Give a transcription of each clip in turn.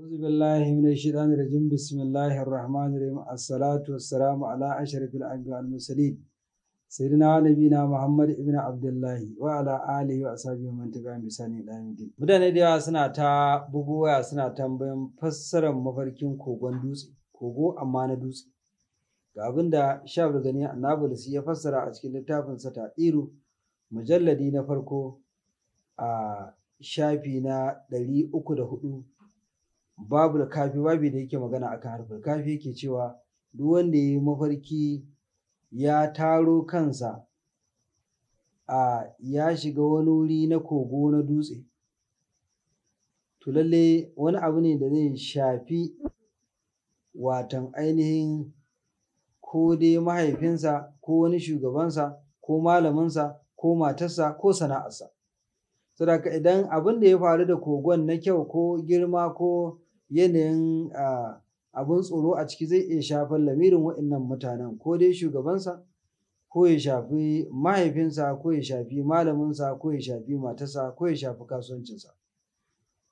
أعوذ بالله من الشيطان الرجيم بسم الله الرحمن الرحيم الصلاة والسلام على أشرف الأنبياء والمرسلين سيدنا نبينا محمد ابن عبد الله وعلى آله وأصحابه من تبعهم بإحسان إلى يوم الدين mutane da yawa suna ta bugowa suna tambayan fassarar mafarkin kogon dutse amma na dutse ga abin da shafar gani annabulis ya fassara a cikin littafinsa ta tsiru mujalladi na farko a shafi na ɗari uku da babu kafi babu da yake magana akan harful kafi yake cewa duk wanda ya yi mafarki ya taro kansa a ya shiga wani wuri na kogo na dutse Tulalle wani abu ne da zai shafi watan ainihin ko dai mahaifinsa ko wani shugabansa ko malaminsa ko matarsa ko sana'arsa saboda idan abin da ya faru da kogon na kyau ko girma ko yanayin abin tsoro a ciki zai iya shafar lamirin waɗannan mutanen ko dai shugabansa ko ya shafi mahaifinsa ko ya shafi malaminsa ko ya shafi matarsa ko ya shafi kasuwancinsa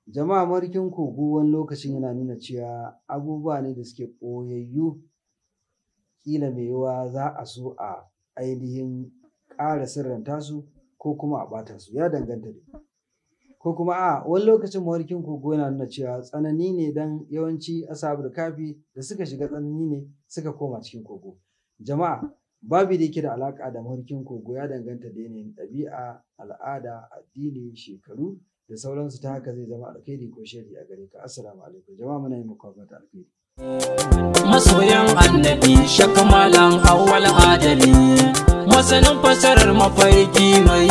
jama'a markin kogo wani lokacin yana nuna cewa abubuwa ne da suke ɓoyayyu kila mai yawa za a so a ainihin ƙara sirranta su ko kuma a ɓata su ya danganta ne ko kuma a wani lokacin mawarkin kogo yana nuna cewa tsanani ne don yawanci da kafi da suka shiga tsanani ne suka koma cikin kogo jama'a babu da yake da alaka da mawarkin kogo ya danganta da yanayin ɗabi'a al'ada addini shekaru da sauransu ta haka zai zama alkhairi ko shari a gare ka assalamu alaikum jama'a muna yi muku alkhairi masoyan annabi shakamalan awwal adali masanin fasarar mafarki mai